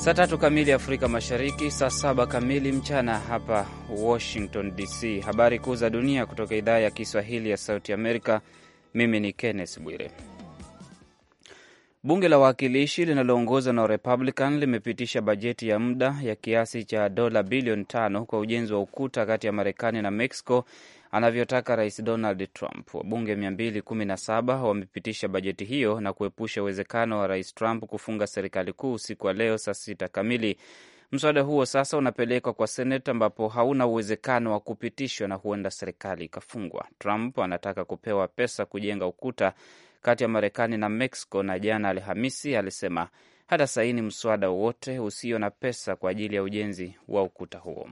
Saa tatu kamili Afrika Mashariki, saa saba kamili mchana hapa Washington DC. Habari kuu za dunia kutoka idhaa ya Kiswahili ya Sauti Amerika. Mimi ni Kenneth Bwire. Bunge la Wawakilishi linaloongozwa na Republican limepitisha bajeti ya muda ya kiasi cha dola bilioni tano kwa ujenzi wa ukuta kati ya Marekani na Mexico anavyotaka Rais Donald Trump. Wabunge 217 wamepitisha bajeti hiyo na kuepusha uwezekano wa Rais Trump kufunga serikali kuu usiku wa leo saa sita kamili. Mswada huo sasa unapelekwa kwa Seneti ambapo hauna uwezekano wa kupitishwa na huenda serikali ikafungwa. Trump anataka kupewa pesa kujenga ukuta kati ya Marekani na Mexico, na jana Alhamisi alisema hata saini mswada wowote usio na pesa kwa ajili ya ujenzi wa ukuta huo.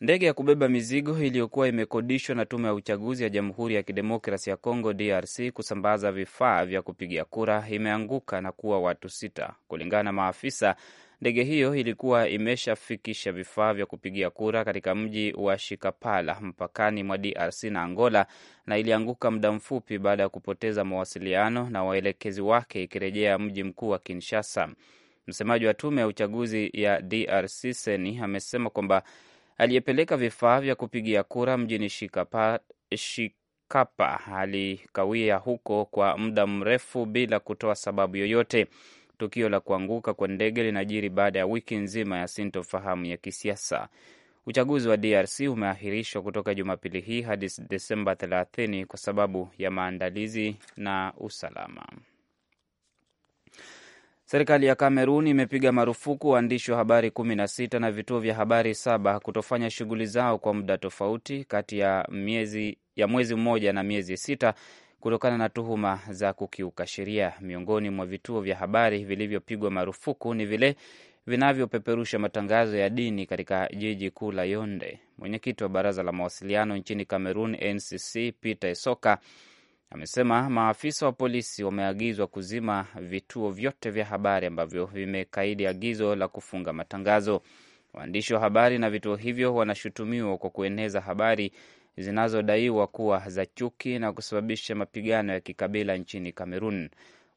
Ndege ya kubeba mizigo iliyokuwa imekodishwa na tume ya uchaguzi ya Jamhuri ya Kidemokrasi ya congo DRC kusambaza vifaa vya kupiga kura imeanguka na kuwa watu sita. Kulingana na maafisa, ndege hiyo ilikuwa imeshafikisha vifaa vya kupigia kura katika mji wa Shikapala mpakani mwa DRC na Angola, na ilianguka muda mfupi baada ya kupoteza mawasiliano na waelekezi wake ikirejea mji mkuu wa Kinshasa. Msemaji wa tume ya uchaguzi ya DRC seni amesema kwamba aliyepeleka vifaa vya kupigia kura mjini Shikapa, Shikapa alikawia huko kwa muda mrefu bila kutoa sababu yoyote. Tukio la kuanguka kwa ndege linajiri baada ya wiki nzima ya sintofahamu ya kisiasa. Uchaguzi wa DRC umeahirishwa kutoka Jumapili hii hadi Desemba 30 kwa sababu ya maandalizi na usalama. Serikali ya Kamerun imepiga marufuku waandishi wa habari 16 na sita na vituo vya habari saba kutofanya shughuli zao kwa muda tofauti kati ya miezi ya mwezi mmoja na miezi sita kutokana na tuhuma za kukiuka sheria. Miongoni mwa vituo vya habari vilivyopigwa marufuku ni vile vinavyopeperusha matangazo ya dini katika jiji kuu la yonde Mwenyekiti wa baraza la mawasiliano nchini Kamerun, NCC, Peter Esoka amesema maafisa wa polisi wameagizwa kuzima vituo vyote vya habari ambavyo vimekaidi agizo la kufunga matangazo. Waandishi wa habari na vituo hivyo wanashutumiwa kwa kueneza habari zinazodaiwa kuwa za chuki na kusababisha mapigano ya kikabila nchini Kamerun.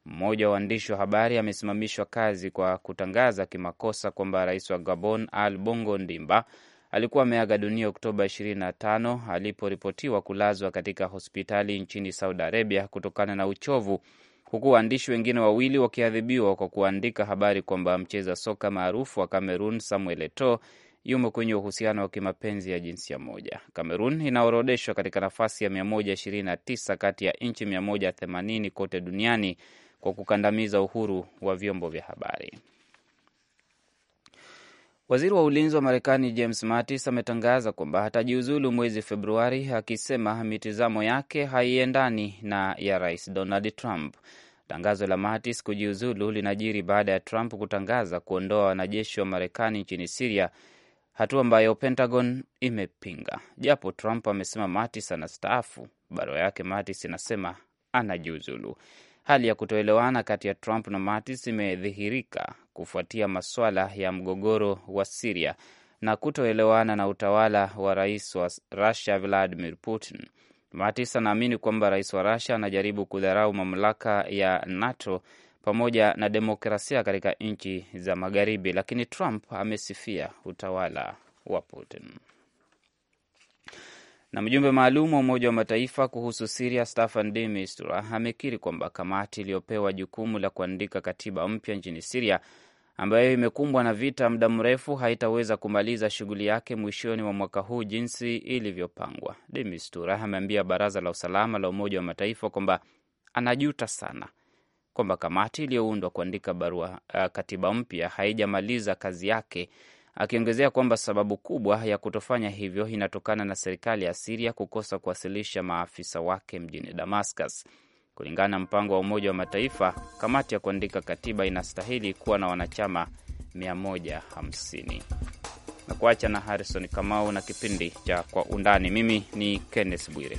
Mmoja wa waandishi wa habari amesimamishwa kazi kwa kutangaza kimakosa kwamba rais wa Gabon Al Bongo Ndimba alikuwa ameaga dunia Oktoba 25 aliporipotiwa kulazwa katika hospitali nchini Saudi Arabia kutokana na uchovu, huku waandishi wengine wawili wakiadhibiwa kwa kuandika habari kwamba mcheza soka maarufu wa Cameroon Samuel Eto'o yumo kwenye uhusiano wa kimapenzi ya jinsia moja. Cameroon inaorodeshwa katika nafasi ya 129 kati ya nchi 180 kote duniani kwa kukandamiza uhuru wa vyombo vya habari. Waziri wa ulinzi wa Marekani James Mattis ametangaza kwamba hatajiuzulu mwezi Februari, akisema mitizamo yake haiendani na ya Rais Donald Trump. Tangazo la Mattis kujiuzulu linajiri baada ya Trump kutangaza kuondoa wanajeshi wa Marekani nchini Siria, hatua ambayo Pentagon imepinga. Japo Trump amesema Mattis anastaafu, barua yake Mattis inasema anajiuzulu. Hali ya kutoelewana kati ya Trump na Mattis imedhihirika kufuatia maswala ya mgogoro wa Siria na kutoelewana na utawala wa rais wa Rusia Vladimir Putin. Mattis anaamini kwamba rais wa Rusia anajaribu kudharau mamlaka ya NATO pamoja na demokrasia katika nchi za Magharibi, lakini Trump amesifia utawala wa Putin. Na mjumbe maalum wa Umoja wa Mataifa kuhusu Siria Staffan de Mistura amekiri kwamba kamati iliyopewa jukumu la kuandika katiba mpya nchini Siria ambayo imekumbwa na vita muda mrefu haitaweza kumaliza shughuli yake mwishoni mwa mwaka huu jinsi ilivyopangwa. De Mistura ameambia Baraza la Usalama la Umoja wa Mataifa kwamba anajuta sana kwamba kamati iliyoundwa kuandika barua uh, katiba mpya haijamaliza kazi yake akiongezea kwamba sababu kubwa ya kutofanya hivyo inatokana na serikali ya Siria kukosa kuwasilisha maafisa wake mjini Damascus. Kulingana na mpango wa Umoja wa Mataifa, kamati ya kuandika katiba inastahili kuwa na wanachama 150 na kuacha na Harrison Kamau na kipindi cha Kwa Undani. Mimi ni Kenneth Bwire.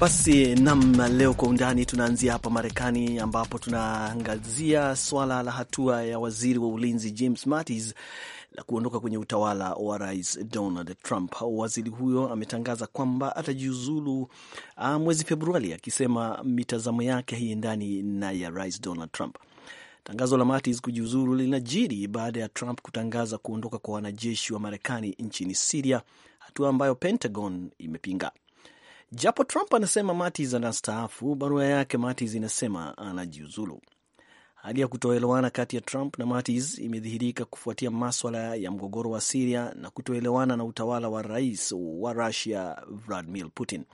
Basi nam, leo kwa undani tunaanzia hapa Marekani, ambapo tunaangazia swala la hatua ya waziri wa ulinzi James Mattis la kuondoka kwenye utawala wa rais Donald Trump. Waziri huyo ametangaza kwamba atajiuzulu ah, mwezi Februari, akisema mitazamo yake haiendani na ya rais Donald Trump. Tangazo la Mattis kujiuzulu linajiri baada ya Trump kutangaza kuondoka kwa wanajeshi wa Marekani nchini Siria, hatua ambayo Pentagon imepinga. Japo Trump anasema Mattis anastaafu, barua yake Mattis inasema anajiuzulu. Hali ya kutoelewana kati ya Trump na Mattis imedhihirika kufuatia maswala ya mgogoro wa Siria na kutoelewana na utawala wa rais wa Rusia Vladimir Putin.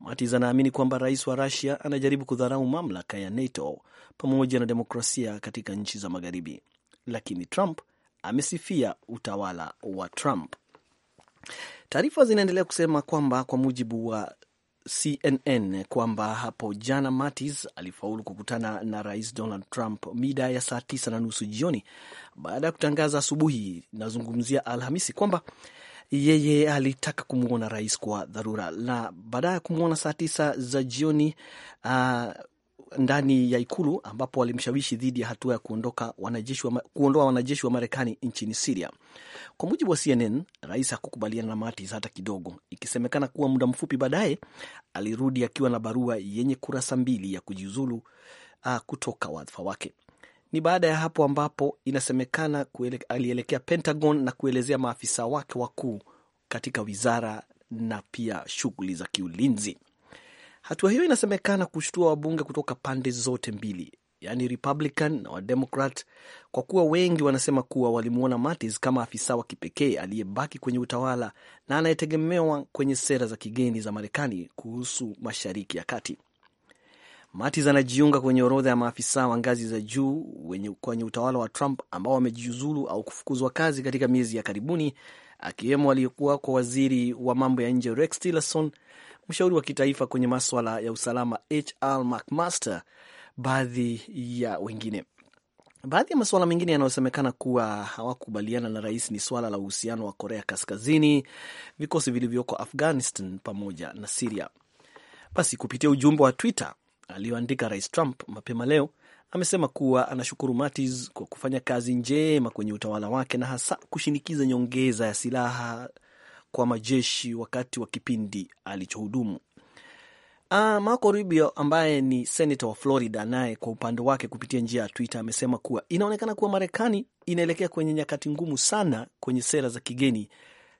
Mattis anaamini kwamba rais wa Rusia anajaribu kudharau mamlaka ya NATO pamoja na demokrasia katika nchi za Magharibi, lakini Trump amesifia utawala wa Trump. Taarifa zinaendelea kusema kwamba kwa mujibu wa CNN kwamba hapo jana Mattis alifaulu kukutana na Rais Donald Trump mida ya saa tisa na nusu jioni baada ya kutangaza asubuhi, nazungumzia Alhamisi, kwamba yeye alitaka kumwona rais kwa dharura, na baada ya kumwona saa tisa za jioni uh, ndani ya ikulu ambapo alimshawishi dhidi ya hatua ya kuondoa wanajeshi wa Marekani nchini Siria. Kwa mujibu wa CNN, rais hakukubaliana na Mattis hata kidogo, ikisemekana kuwa muda mfupi baadaye alirudi akiwa na barua yenye kurasa mbili ya kujiuzulu uh, kutoka wadhifa wake. Ni baada ya hapo ambapo inasemekana alielekea Pentagon na kuelezea maafisa wake wakuu katika wizara na pia shughuli za kiulinzi. Hatua hiyo inasemekana kushtua wabunge kutoka pande zote mbili, yani Republican na Wademokrat, kwa kuwa wengi wanasema kuwa walimwona Mattis kama afisa wa kipekee aliyebaki kwenye utawala na anayetegemewa kwenye sera za kigeni za Marekani kuhusu Mashariki ya Kati. Mattis anajiunga kwenye orodha ya maafisa wa ngazi za juu kwenye utawala wa Trump ambao wamejiuzulu au kufukuzwa kazi katika miezi ya karibuni, akiwemo aliyekuwa kwa waziri wa mambo ya nje Rex Tillerson, mshauri wa kitaifa kwenye maswala ya usalama HR McMaster baadhi ya wengine. Baadhi ya masuala mengine yanayosemekana kuwa hawakubaliana na rais ni suala la uhusiano wa Korea Kaskazini, vikosi vilivyoko Afghanistan pamoja na Siria. Basi kupitia ujumbe wa Twitter aliyoandika Rais Trump mapema leo amesema kuwa anashukuru Mattis kwa kufanya kazi njema kwenye utawala wake na hasa kushinikiza nyongeza ya silaha kwa majeshi wakati wa kipindi alichohudumu. Uh, Marco Rubio ambaye ni senator wa Florida naye kwa upande wake kupitia njia ya Twitter amesema kuwa inaonekana kuwa Marekani inaelekea kwenye nyakati ngumu sana kwenye sera za kigeni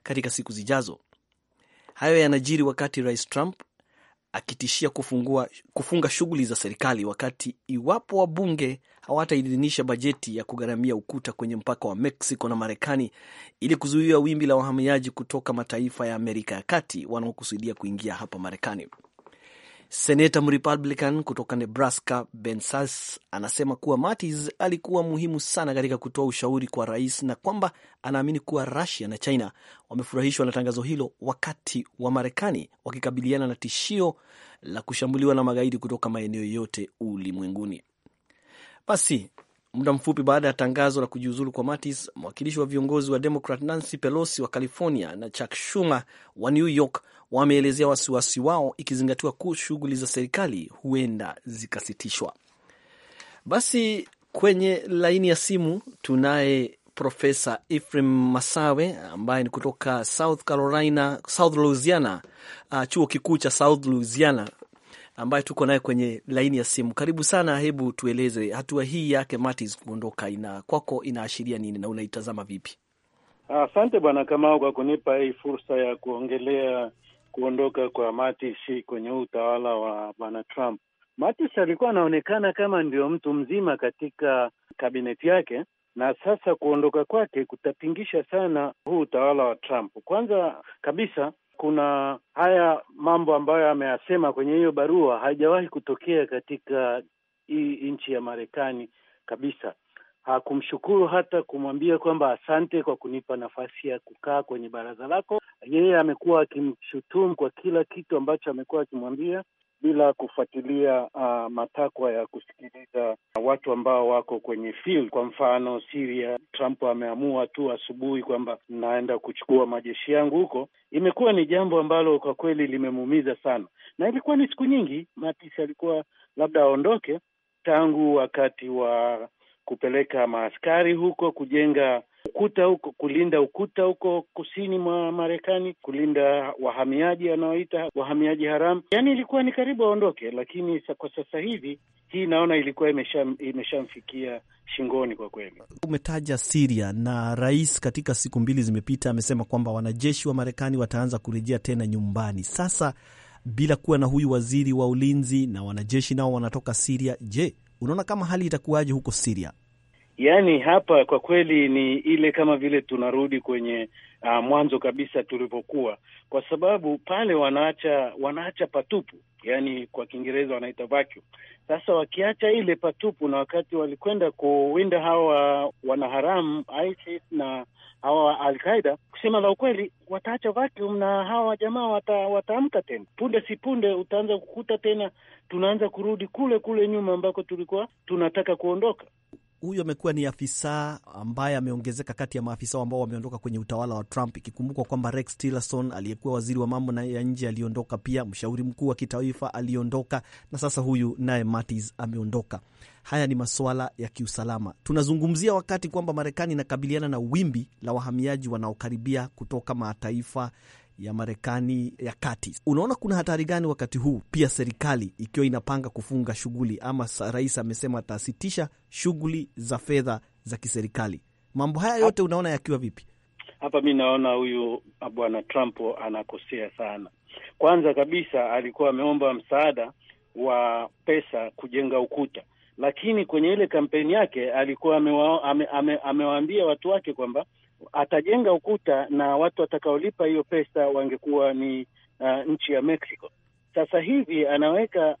katika siku zijazo. Hayo yanajiri wakati Rais Trump akitishia kufungua, kufunga shughuli za serikali wakati iwapo wabunge hawataidhinisha bajeti ya kugharamia ukuta kwenye mpaka wa Mexico na Marekani ili kuzuia wimbi la wahamiaji kutoka mataifa ya Amerika ya kati wanaokusudia kuingia hapa Marekani. Seneta Mrepublican kutoka Nebraska Ben Sass anasema kuwa Mattis alikuwa muhimu sana katika kutoa ushauri kwa rais na kwamba anaamini kuwa Russia na China wamefurahishwa na tangazo hilo wakati wa Marekani wakikabiliana na tishio la kushambuliwa na magaidi kutoka maeneo yote ulimwenguni. Basi muda mfupi baada ya tangazo la kujiuzulu kwa Mattis, mwakilishi wa viongozi wa Democrat Nancy Pelosi wa California na Chuck Schumer wa New York wameelezea wasiwasi wao, ikizingatiwa kuwa shughuli za serikali huenda zikasitishwa. Basi kwenye laini ya simu tunaye Profesa Ephraim Masawe ambaye ni kutoka South Carolina, South Louisiana, uh, chuo kikuu cha South Louisiana ambaye tuko naye kwenye laini ya simu. Karibu sana, hebu tueleze hatua hii yake Mattis kuondoka ina kwako inaashiria nini na unaitazama vipi? Asante Bwana Kamau kwa kunipa hii fursa ya kuongelea kuondoka kwa Mattis kwenye huu utawala wa bwana Trump. Mattis alikuwa anaonekana kama ndio mtu mzima katika kabineti yake, na sasa kuondoka kwake kutapingisha sana huu utawala wa Trump. Kwanza kabisa kuna haya mambo ambayo ameyasema kwenye hiyo barua, haijawahi kutokea katika hii nchi ya Marekani kabisa hakumshukuru hata kumwambia kwamba asante kwa kunipa nafasi ya kukaa kwenye baraza lako. Yeye amekuwa akimshutumu kwa kila kitu ambacho amekuwa akimwambia bila kufuatilia uh, matakwa ya kusikiliza watu ambao wako kwenye field. Kwa mfano Syria, Trump ameamua tu asubuhi kwamba naenda kuchukua majeshi yangu huko. Imekuwa ni jambo ambalo kwa kweli limemuumiza sana, na ilikuwa ni siku nyingi. Mattis alikuwa labda aondoke tangu wakati wa kupeleka maaskari huko, kujenga ukuta huko, kulinda ukuta huko kusini mwa Marekani, kulinda wahamiaji wanaoita wahamiaji haramu. Yaani ilikuwa ni karibu aondoke, lakini kwa sasa hivi hii naona ilikuwa imeshamfikia imesha shingoni kwa kweli. Umetaja Siria na rais katika siku mbili zimepita amesema kwamba wanajeshi wa Marekani wataanza kurejea tena nyumbani sasa bila kuwa na huyu waziri wa ulinzi na wanajeshi nao wanatoka Siria. Je, Unaona kama hali itakuwaje huko Siria? Yaani hapa kwa kweli ni ile kama vile tunarudi kwenye uh, mwanzo kabisa tulivyokuwa kwa sababu pale wanaacha wanaacha patupu, yaani kwa Kiingereza wanaita vacuum. Sasa wakiacha ile patupu, na wakati walikwenda kuwinda hawa wanaharamu ISIS na hawa Al-Qaida, kusema la ukweli, wataacha vacuum na hawa jamaa wata, wataamka tena. Punde si punde utaanza kukuta tena tunaanza kurudi kule kule nyuma ambako tulikuwa tunataka kuondoka huyu amekuwa ni afisa ambaye ameongezeka kati ya maafisa ambao wameondoka kwenye utawala wa Trump, ikikumbukwa kwamba Rex Tillerson aliyekuwa waziri wa mambo ya nje aliondoka, pia mshauri mkuu wa kitaifa aliondoka, na sasa huyu naye Mattis ameondoka. Haya ni masuala ya kiusalama tunazungumzia, wakati kwamba Marekani inakabiliana na wimbi la wahamiaji wanaokaribia kutoka mataifa ya Marekani ya kati. Unaona kuna hatari gani wakati huu pia serikali ikiwa inapanga kufunga shughuli ama rais amesema atasitisha shughuli za fedha za kiserikali? Mambo haya yote unaona yakiwa vipi? Hapa mi naona huyu ah, bwana Trump anakosea sana. Kwanza kabisa alikuwa ameomba msaada wa pesa kujenga ukuta, lakini kwenye ile kampeni yake alikuwa amewaambia ame, ame, watu wake kwamba atajenga ukuta na watu watakaolipa hiyo pesa wangekuwa ni uh, nchi ya Mexico. Sasa hivi anaweka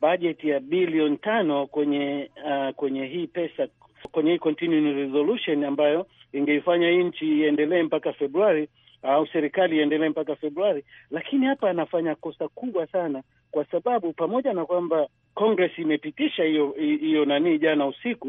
bajeti ya bilioni tano kwenye uh, kwenye hii pesa kwenye hii continuing resolution ambayo ingeifanya hii nchi iendelee mpaka Februari uh, au serikali iendelee mpaka Februari. Lakini hapa anafanya kosa kubwa sana, kwa sababu pamoja na kwamba Congress imepitisha hiyo hiyo nani jana usiku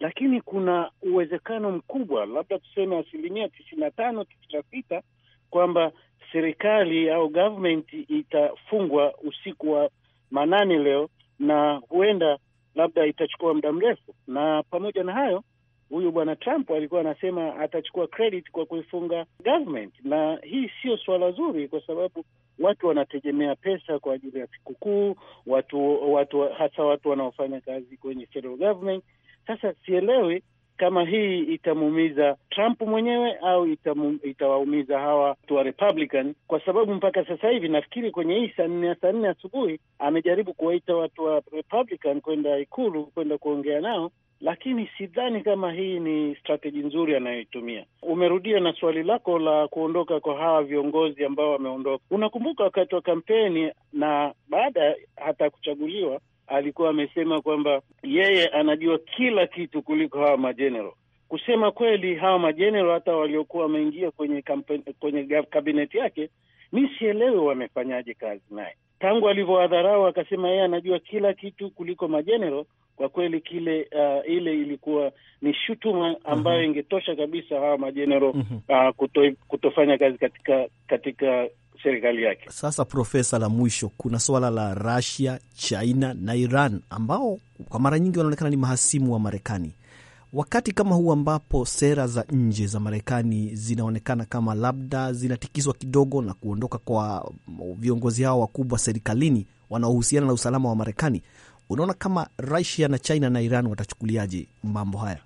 lakini kuna uwezekano mkubwa, labda tuseme asilimia tisini na tano tisini na sita kwamba serikali au government itafungwa usiku wa manane leo, na huenda labda itachukua muda mrefu. Na pamoja na hayo, huyu bwana Trump alikuwa anasema atachukua credit kwa kuifunga government, na hii sio suala zuri, kwa sababu watu wanategemea pesa kwa ajili ya sikukuu, watu watu hasa watu wanaofanya kazi kwenye federal government sasa sielewi kama hii itamuumiza Trump mwenyewe au itamu, itawaumiza hawa watu wa Republican kwa sababu mpaka sasa hivi nafikiri kwenye hii saa nne saa nne asubuhi amejaribu kuwaita watu wa Republican kwenda Ikulu kwenda kuongea nao, lakini sidhani kama hii ni strateji nzuri anayoitumia. Umerudia na swali lako la kuondoka kwa hawa viongozi ambao wameondoka. Unakumbuka wakati wa kampeni na baada hata ya kuchaguliwa alikuwa amesema kwamba yeye anajua kila kitu kuliko hawa majenero Kusema kweli, hawa majenero hata waliokuwa wameingia kwenye kampeni, kwenye kabineti yake, mi sielewe wamefanyaje kazi naye tangu alivyowadharau akasema yeye anajua kila kitu kuliko majenero. Kwa kweli kile uh, ile ilikuwa ni shutuma ambayo mhm. ingetosha kabisa hawa majenero mhm. uh, kuto, kutofanya kazi katika katika serikali yake. Sasa profesa, la mwisho, kuna suala la Russia, China na Iran ambao kwa mara nyingi wanaonekana ni mahasimu wa Marekani. Wakati kama huu ambapo sera za nje za Marekani zinaonekana kama labda zinatikizwa kidogo na kuondoka kwa viongozi hao wakubwa serikalini wanaohusiana na usalama wa Marekani, unaona kama Russia na China na Iran watachukuliaje mambo haya?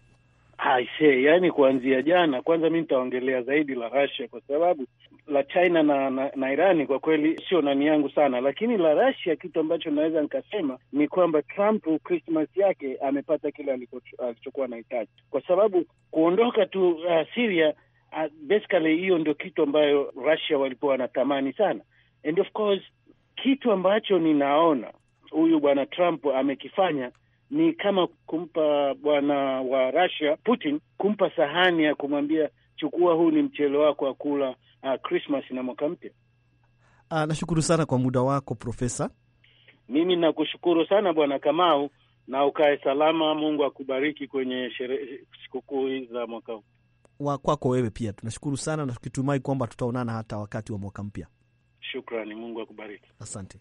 Aise, yani kuanzia jana, kwanza mi nitaongelea zaidi la Russia kwa sababu la China na, na, na Irani kwa kweli sio nani yangu sana, lakini la Russia kitu ambacho naweza nikasema ni kwamba Trump Christmas yake amepata kile alichokuwa anahitaji, kwa sababu kuondoka tu uh, Syria uh, basically hiyo ndio kitu ambayo Russia walikuwa wanatamani sana, and of course kitu ambacho ninaona huyu bwana Trump amekifanya ni kama kumpa bwana wa Russia Putin kumpa sahani ya kumwambia chukua, huu ni mchele wako wa kula uh, Christmas na mwaka mpya. Uh, nashukuru sana kwa muda wako Profesa. Mimi nakushukuru sana Bwana Kamau, na ukae salama. Mungu akubariki kwenye sherehe sikukuu za mwaka huu wa kwako wewe pia. Tunashukuru sana na tukitumai kwamba tutaonana hata wakati wa mwaka mpya. Shukrani, Mungu akubariki, asante.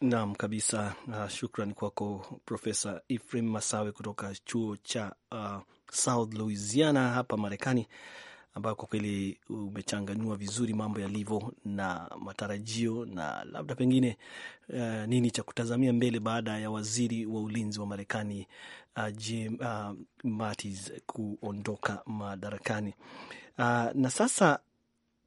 Naam kabisa, na shukran kwako Profesa Ephraim Masawe kutoka chuo cha uh, South Louisiana hapa Marekani ambayo kwa kweli umechanganua vizuri mambo yalivyo na matarajio na labda pengine uh, nini cha kutazamia mbele baada ya waziri wa ulinzi wa Marekani uh, Jim uh, Mattis kuondoka madarakani uh, na sasa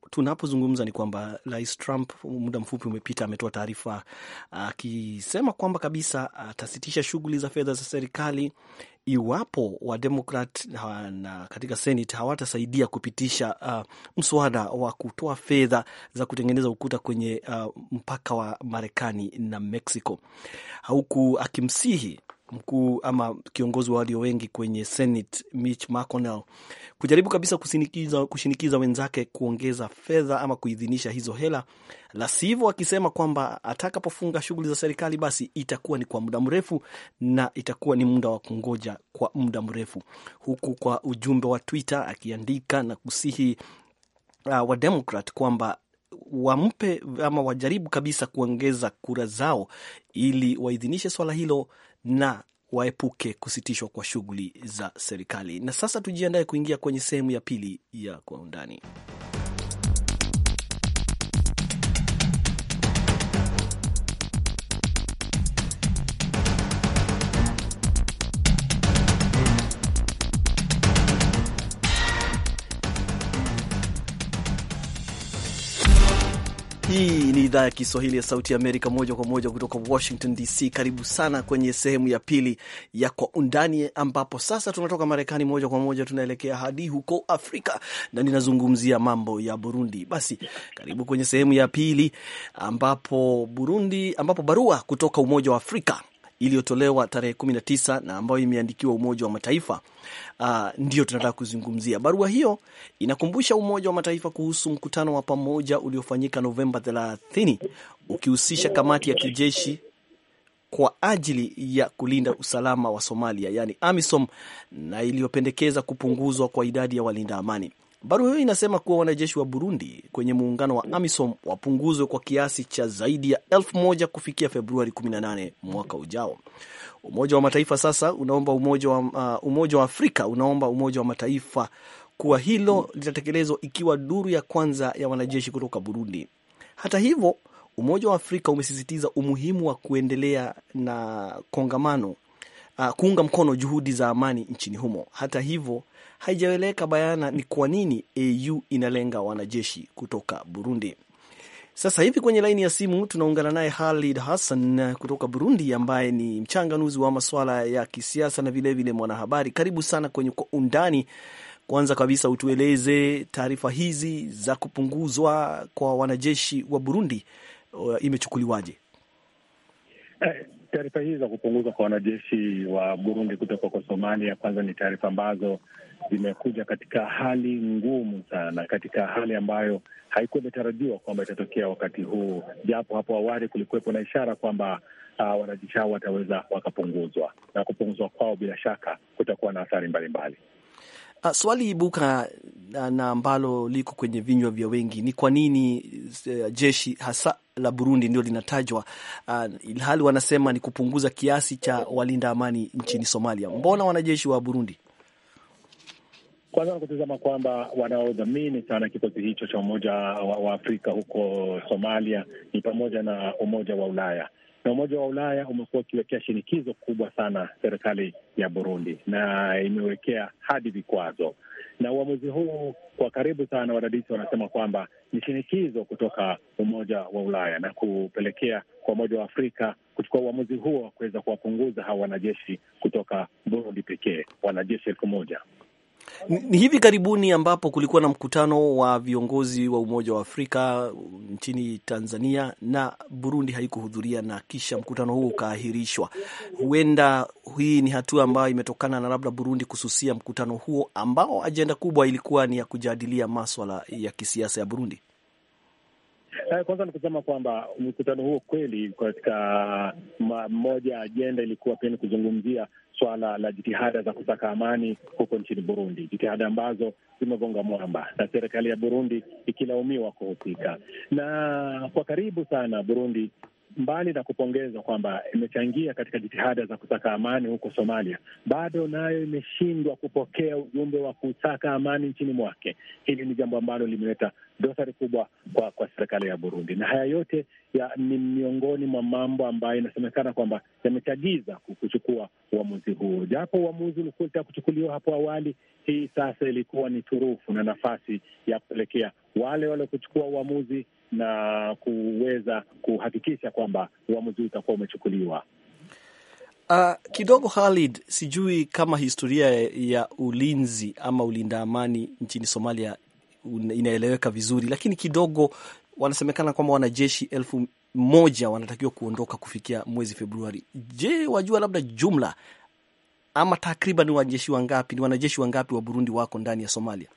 tunapozungumza ni kwamba Rais Trump muda mfupi umepita ametoa taarifa akisema kwamba kabisa atasitisha shughuli za fedha za serikali iwapo Wademokrat na katika Senate hawatasaidia kupitisha uh, mswada wa kutoa fedha za kutengeneza ukuta kwenye uh, mpaka wa Marekani na Mexico, huku akimsihi mkuu ama kiongozi wa walio wengi kwenye Senate Mitch McConnell kujaribu kabisa kushinikiza, kushinikiza wenzake kuongeza fedha ama kuidhinisha hizo hela, la sivyo akisema kwamba atakapofunga shughuli za serikali basi itakuwa ni kwa muda mrefu na itakuwa ni muda wa kungoja kwa muda mrefu, huku kwa ujumbe wa Twitter akiandika na kusihi uh, wademokrat kwamba wampe ama wajaribu kabisa kuongeza kura zao ili waidhinishe swala hilo na waepuke kusitishwa kwa shughuli za serikali. Na sasa tujiandae kuingia kwenye sehemu ya pili ya Kwa Undani. Hii ni idhaa ya Kiswahili ya Sauti ya Amerika, moja kwa moja kutoka Washington DC. Karibu sana kwenye sehemu ya pili ya Kwa Undani, ambapo sasa tunatoka Marekani moja kwa moja tunaelekea hadi huko Afrika na ninazungumzia mambo ya Burundi. Basi karibu kwenye sehemu ya pili ambapo Burundi, ambapo barua kutoka Umoja wa Afrika iliyotolewa tarehe 19 na ambayo imeandikiwa Umoja wa Mataifa. Uh, ah, ndiyo tunataka kuzungumzia. Barua hiyo inakumbusha Umoja wa Mataifa kuhusu mkutano wa pamoja uliofanyika Novemba 30 ukihusisha kamati ya kijeshi kwa ajili ya kulinda usalama wa Somalia, yani AMISOM, na iliyopendekeza kupunguzwa kwa idadi ya walinda amani. Barua hiyo inasema kuwa wanajeshi wa Burundi kwenye muungano wa AMISOM wapunguzwe kwa kiasi cha zaidi ya elfu moja kufikia Februari 18 mwaka ujao. Umoja wa Mataifa sasa unaomba umoja wa, uh, umoja wa Afrika unaomba Umoja wa Mataifa kuwa hilo litatekelezwa ikiwa duru ya kwanza ya wanajeshi kutoka Burundi. Hata hivyo, Umoja wa Afrika umesisitiza umuhimu wa kuendelea na kongamano, uh, kuunga mkono juhudi za amani nchini humo. Hata hivyo haijaeleweka bayana ni kwa nini AU inalenga wanajeshi kutoka Burundi. Sasa hivi kwenye laini ya simu tunaungana naye Halid Hassan kutoka Burundi, ambaye ni mchanganuzi wa masuala ya kisiasa na vilevile mwanahabari. Karibu sana kwenye Kwa Undani. Kwanza kabisa, utueleze taarifa hizi za kupunguzwa kwa wanajeshi wa Burundi uh, imechukuliwaje? Eh, taarifa hizi za kupunguzwa kwa wanajeshi wa Burundi kutoka kwa Somalia, kwanza ni taarifa ambazo zimekuja katika hali ngumu sana, katika hali ambayo haikuwa imetarajiwa kwamba itatokea wakati huu, japo hapo awali kulikuwepo na ishara kwamba uh, wanajeshi hao wataweza wakapunguzwa, na kupunguzwa kwao bila shaka kutakuwa na athari mbalimbali. Uh, swali ibuka na ambalo liko kwenye vinywa vya wengi ni kwa nini uh, jeshi hasa la Burundi ndio linatajwa uh, ilhali wanasema ni kupunguza kiasi cha walinda amani nchini Somalia. Mbona wanajeshi wa Burundi kwanza nakutizama kwamba wanaodhamini sana kikosi hicho cha Umoja wa Afrika huko Somalia ni pamoja na Umoja wa Ulaya na Umoja wa Ulaya umekuwa ukiwekea shinikizo kubwa sana serikali ya Burundi na imewekea hadi vikwazo. Na uamuzi huu kwa karibu sana, wadadisi wanasema kwamba ni shinikizo kutoka Umoja wa Ulaya na kupelekea kwa Umoja wa Afrika kuchukua uamuzi huo wa kuweza kuwapunguza hawa wanajeshi kutoka Burundi pekee, wanajeshi elfu moja. Ni hivi karibuni ambapo kulikuwa na mkutano wa viongozi wa Umoja wa Afrika nchini Tanzania na Burundi haikuhudhuria na kisha mkutano huo ukaahirishwa. Huenda hii ni hatua ambayo imetokana na labda Burundi kususia mkutano huo ambao ajenda kubwa ilikuwa ni ya kujadilia maswala ya kisiasa ya Burundi. Eh, kwanza ni kusema kwamba mkutano huo kweli, katika moja ya ajenda ilikuwa pia ni kuzungumzia swala la jitihada za kusaka amani huko nchini Burundi, jitihada ambazo zimegonga mwamba na serikali ya Burundi ikilaumiwa kuhusika. Na kwa karibu sana Burundi mbali na kupongezwa kwamba imechangia katika jitihada za kutaka amani huko Somalia, bado nayo imeshindwa kupokea ujumbe wa kutaka amani nchini mwake. Hili ni jambo ambalo limeleta dosari kubwa kwa, kwa serikali ya Burundi, na haya yote ya, ni miongoni mwa mambo ambayo inasemekana kwamba yamechagiza kuchukua uamuzi huo, japo uamuzi ulikuwa kuchukuliwa hapo awali. Hii sasa ilikuwa ni turufu na nafasi ya kupelekea wale waliokuchukua uamuzi na kuweza kuhakikisha kwamba uamuzi huu utakuwa umechukuliwa. Uh, kidogo Khalid, sijui kama historia ya ulinzi ama ulinda amani nchini Somalia inaeleweka vizuri, lakini kidogo wanasemekana kwamba wanajeshi elfu moja wanatakiwa kuondoka kufikia mwezi Februari. Je, wajua labda jumla ama takriban wanajeshi wangapi, ni wanajeshi wangapi wa Burundi wako ndani ya Somalia?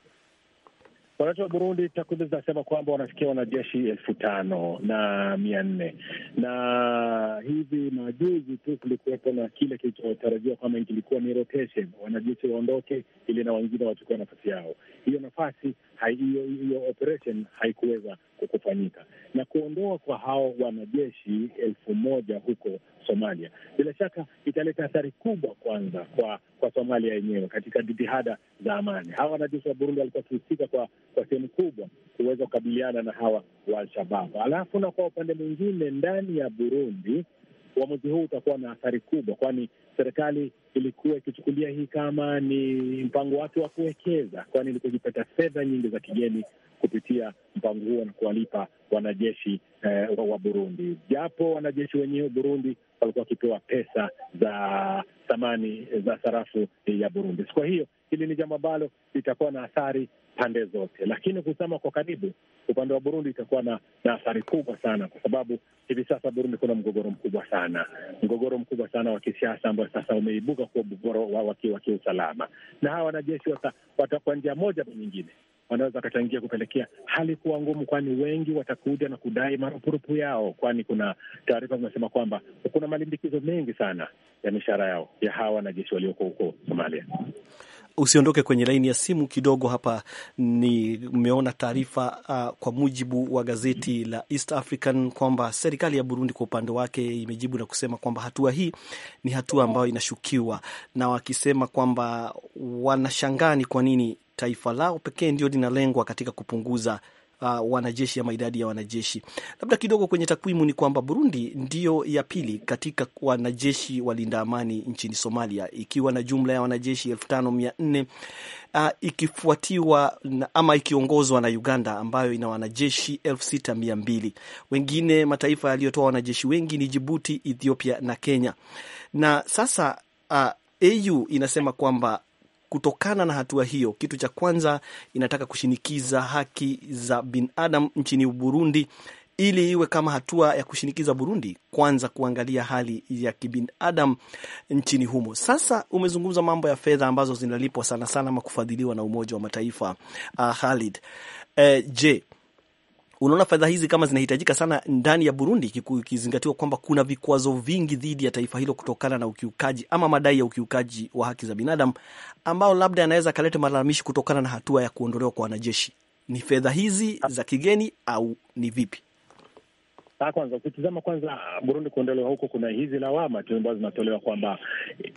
Wananchi wa Burundi, takwimu zinasema kwamba wanafikia wanajeshi elfu tano na mia nne na hivi majuzi tu kulikuwepo na kile kilichotarajiwa kwamba ilikuwa ni rotation, wanajeshi waondoke ili na wengine wachukua nafasi yao. Hiyo nafasi hiyo operation haikuweza kufanyika, na kuondoa kwa hao wanajeshi elfu moja huko Somalia bila shaka italeta athari kubwa, kwanza kwa kwa Somalia yenyewe katika jitihada za amani. Hawa wanajeshi wa Burundi walikuwa wakihusika kwa kwa sehemu kubwa kuweza kukabiliana na hawa wa shababu alafu na kwa upande mwingine ndani ya Burundi uamuzi huu utakuwa na athari kubwa, kwani serikali ilikuwa ikichukulia hii kama ni mpango wake wa kuwekeza, kwani ilikuwa ikipata fedha nyingi za kigeni kupitia mpango huo na kuwalipa wanajeshi eh, wa Burundi, japo wanajeshi wenyewe Burundi walikuwa wakipewa pesa za thamani za sarafu ya Burundi. Kwa hiyo hili ni jambo ambalo litakuwa na athari pande zote, lakini kusema kwa karibu upande wa Burundi itakuwa na, na athari kubwa sana, kwa sababu hivi sasa Burundi kuna mgogoro mkubwa sana, mgogoro mkubwa sana wa kisiasa ambao sasa umeibuka kuwa mgogoro wa kiusalama, na hawa wanajeshi wata, njia moja na nyingine wanaweza wakachangia kupelekea hali kuwa ngumu, kwani wengi watakuja na kudai marupurupu yao, kwani kuna taarifa zinasema kwamba kuna malimbikizo mengi sana ya mishahara yao ya hawa wanajeshi walioko huko Somalia usiondoke kwenye laini ya simu kidogo. Hapa ni taarifa uh, kwa mujibu wa gazeti la East African kwamba serikali ya Burundi kwa upande wake imejibu na kusema kwamba hatua hii ni hatua ambayo inashukiwa, na wakisema kwamba wanashangani kwa nini taifa lao pekee ndio linalengwa katika kupunguza uh, wanajeshi ama idadi ya wanajeshi. Labda kidogo kwenye takwimu ni kwamba Burundi ndiyo ya pili katika wanajeshi walinda amani nchini Somalia ikiwa na jumla ya wanajeshi elfu tano mia nne uh, ikifuatiwa ama ikiongozwa na Uganda ambayo ina wanajeshi elfu sita mia mbili. Wengine mataifa yaliyotoa wanajeshi wengi ni Jibuti, Ethiopia na Kenya. Na sasa uh, AU inasema kwamba kutokana na hatua hiyo, kitu cha kwanza inataka kushinikiza haki za binadamu nchini Burundi ili iwe kama hatua ya kushinikiza Burundi kwanza kuangalia hali ya kibinadamu nchini humo. Sasa umezungumza mambo ya fedha ambazo zinalipwa sana sana ama kufadhiliwa na Umoja wa Mataifa. Uh, Khalid, uh, je, Unaona fedha hizi kama zinahitajika sana ndani ya Burundi, ikizingatiwa kwamba kuna vikwazo vingi dhidi ya taifa hilo kutokana na ukiukaji ama madai ya ukiukaji wa haki za binadamu, ambao labda yanaweza akaleta malalamishi kutokana na hatua ya kuondolewa kwa wanajeshi. Ni fedha hizi za kigeni au ni vipi? Kwanza ukitizama kwanza Burundi kuondolewa huko, kuna hizi lawama tu ambazo zinatolewa kwamba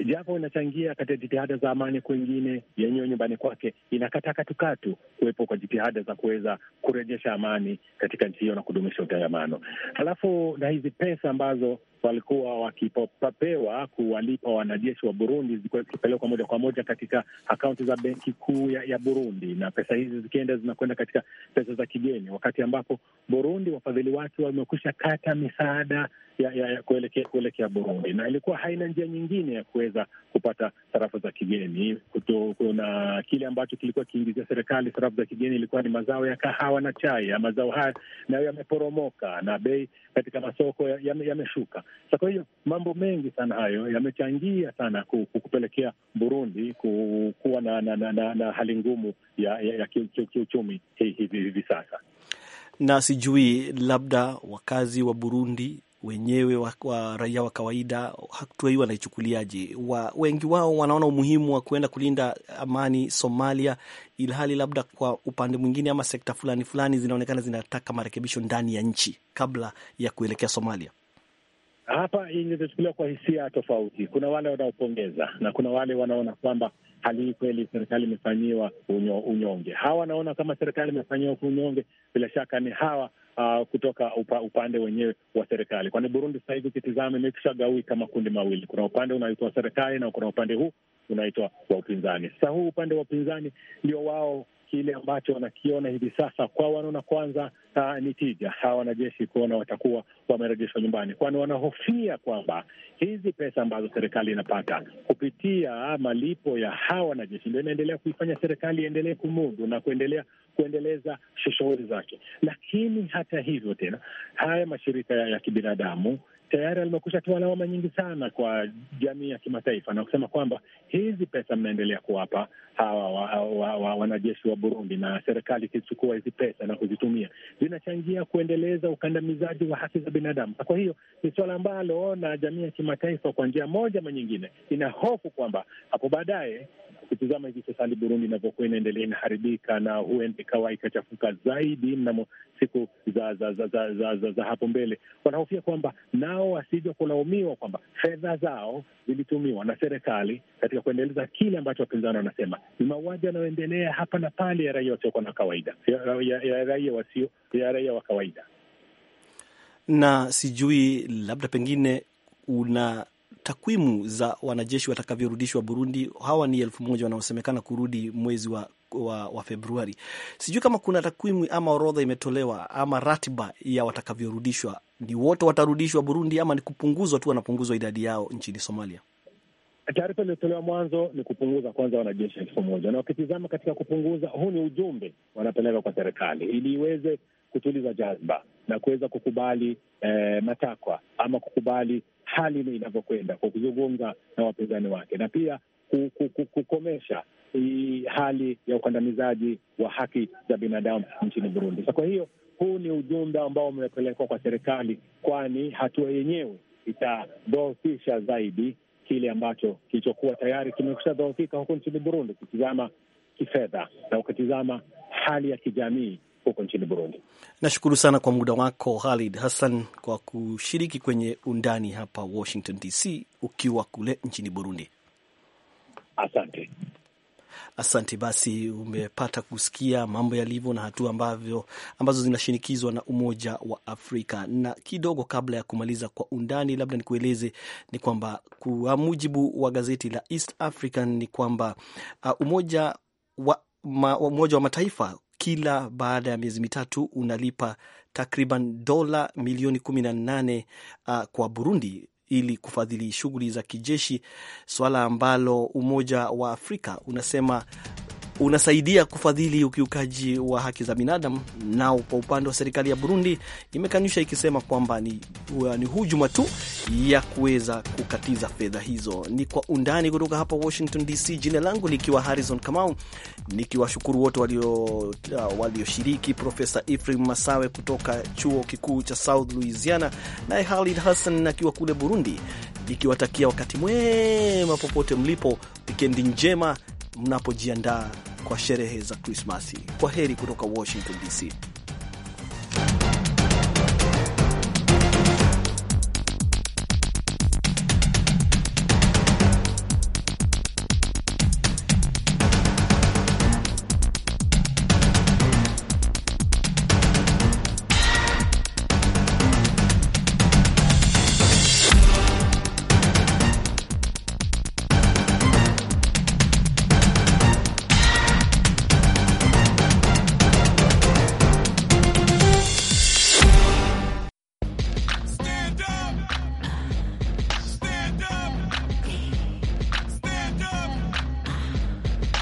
japo inachangia katika jitihada za amani, kwengine yenyewe nyumbani kwake inakata katukatu kuwepo kwa jitihada za kuweza kurejesha amani katika nchi hiyo na kudumisha utangamano, halafu na hizi pesa ambazo walikuwa wakipopapewa kuwalipa wanajeshi wa Burundi, zikipelekwa moja kwa moja katika akaunti za benki kuu ya, ya Burundi, na pesa hizi zikienda zinakwenda katika pesa za kigeni, wakati ambapo Burundi wafadhili wake wamekwisha kata misaada ya, ya, ya kuelekea kuelekea Burundi, na ilikuwa haina njia nyingine ya kuweza kupata sarafu za kigeni. Kuna kile ambacho kilikuwa kiingizia serikali sarafu za kigeni, ilikuwa ni mazao ya kahawa na chai. Ya mazao haya nayo yameporomoka na bei katika masoko yameshuka. Ya sa kwa hiyo mambo mengi sana hayo yamechangia sana kupelekea Burundi kuwa na, na, na, na, na hali ngumu ya, ya, ya kiuchumi hivi sasa, na sijui labda wakazi wa Burundi wenyewe wa, wa raia wa kawaida hatua hii wanaichukuliaje? wa, wengi wao wanaona umuhimu wa kuenda kulinda amani Somalia, ilhali labda kwa upande mwingine ama sekta fulani fulani zinaonekana zinataka marekebisho ndani ya nchi kabla ya kuelekea Somalia. Hapa inachukuliwa kwa hisia tofauti. Kuna wale wanaopongeza na kuna wale wanaona kwamba hali hii kweli serikali imefanyiwa unyo, unyonge. Hawa wanaona kama serikali imefanyiwa unyonge, bila shaka ni hawa uh, kutoka upa, upande wenyewe wa serikali, kwani Burundi sasa hivi ukitizama gawika makundi mawili. Kuna upande unaitwa serikali na kuna upande huu unaitwa wa upinzani. Sasa huu upande wa upinzani ndio wao kile ambacho wanakiona hivi sasa kwa wanaona kwanza uh, ni tija hawa wanajeshi kuona watakuwa wamerejeshwa nyumbani, kwani wanahofia kwamba hizi pesa ambazo serikali inapata kupitia malipo ya hawa wanajeshi ndio inaendelea kuifanya serikali iendelee kumudu na kuendelea kuendeleza shughuli zake. Lakini hata hivyo tena, haya mashirika ya kibinadamu tayari alimekusha toa lawama nyingi sana kwa jamii ya kimataifa na kusema kwamba hizi pesa mnaendelea kuwapa hawa wanajeshi wa, wa, wa, wa Burundi na serikali ikichukua hizi pesa na kuzitumia zinachangia kuendeleza ukandamizaji wa haki za binadamu. Kwa hiyo ni suala ambalo na jamii ya kimataifa kwa njia moja ama nyingine ina hofu kwamba hapo baadaye ukitizama hivi sasa hali Burundi inavyokuwa inaendelea inaharibika, na huenda ikawa ikachafuka zaidi mnamo siku za za, za, za, za, za za hapo mbele. Wanahofia kwamba nao wasija kulaumiwa kwamba fedha zao zilitumiwa na serikali katika kuendeleza kile ambacho wapinzani wanasema ni mauaji yanayoendelea hapa na pale ya raia wasiokuwa na kawaida ya raia wasio ya raia wa kawaida. Na sijui labda pengine una takwimu za wanajeshi watakavyorudishwa Burundi, hawa ni elfu moja wanaosemekana kurudi mwezi wa, wa, wa Februari. Sijui kama kuna takwimu ama orodha imetolewa ama ratiba ya watakavyorudishwa, ni wote watarudishwa Burundi ama ni kupunguzwa tu, wanapunguzwa idadi yao nchini Somalia? Taarifa iliyotolewa mwanzo ni kupunguza kwanza wanajeshi elfu moja na wakitizama katika kupunguza, huu ni ujumbe wanapeleka kwa serikali ili iweze kutuliza jazba na kuweza kukubali eh, matakwa ama kukubali hali inavyokwenda kwa kuzungumza na wapinzani wake na pia kukomesha hii hali ya ukandamizaji wa haki za binadamu nchini Burundi. Sa kwa hiyo huu ni ujumbe ambao umepelekwa kwa serikali, kwani hatua yenyewe itadhoofisha zaidi kile ambacho kilichokuwa tayari kimekusha dhoofika huko nchini Burundi, ukitizama kifedha na ukitizama hali ya kijamii huko nchini Burundi. Nashukuru sana kwa muda wako halid Hassan kwa kushiriki kwenye undani hapa Washington DC ukiwa kule nchini Burundi. Asante. Asante. Basi umepata kusikia mambo yalivyo na hatua ambavyo ambazo zinashinikizwa na Umoja wa Afrika. Na kidogo kabla ya kumaliza kwa undani, labda nikueleze ni kwamba kwa mujibu wa gazeti la East African ni kwamba uh, umoja wa ma, Umoja wa Mataifa kila baada ya miezi mitatu unalipa takriban dola milioni kumi na nane uh, kwa Burundi ili kufadhili shughuli za kijeshi, swala ambalo Umoja wa Afrika unasema unasaidia kufadhili ukiukaji wa haki za binadamu. Nao kwa upande wa serikali ya Burundi imekanusha ikisema kwamba ni, ni hujuma tu ya kuweza kukatiza fedha hizo. Ni kwa undani kutoka hapa Washington DC, jina langu likiwa Harrison Kamau, nikiwashukuru wote uh, walioshiriki, walio Profesa Ifrim Masawe kutoka chuo kikuu cha South Louisiana, naye Halid Hassan akiwa kule Burundi, nikiwatakia wakati mwema popote mlipo, wikendi njema mnapojiandaa kwa sherehe za Krismasi. Kwa heri kutoka Washington DC.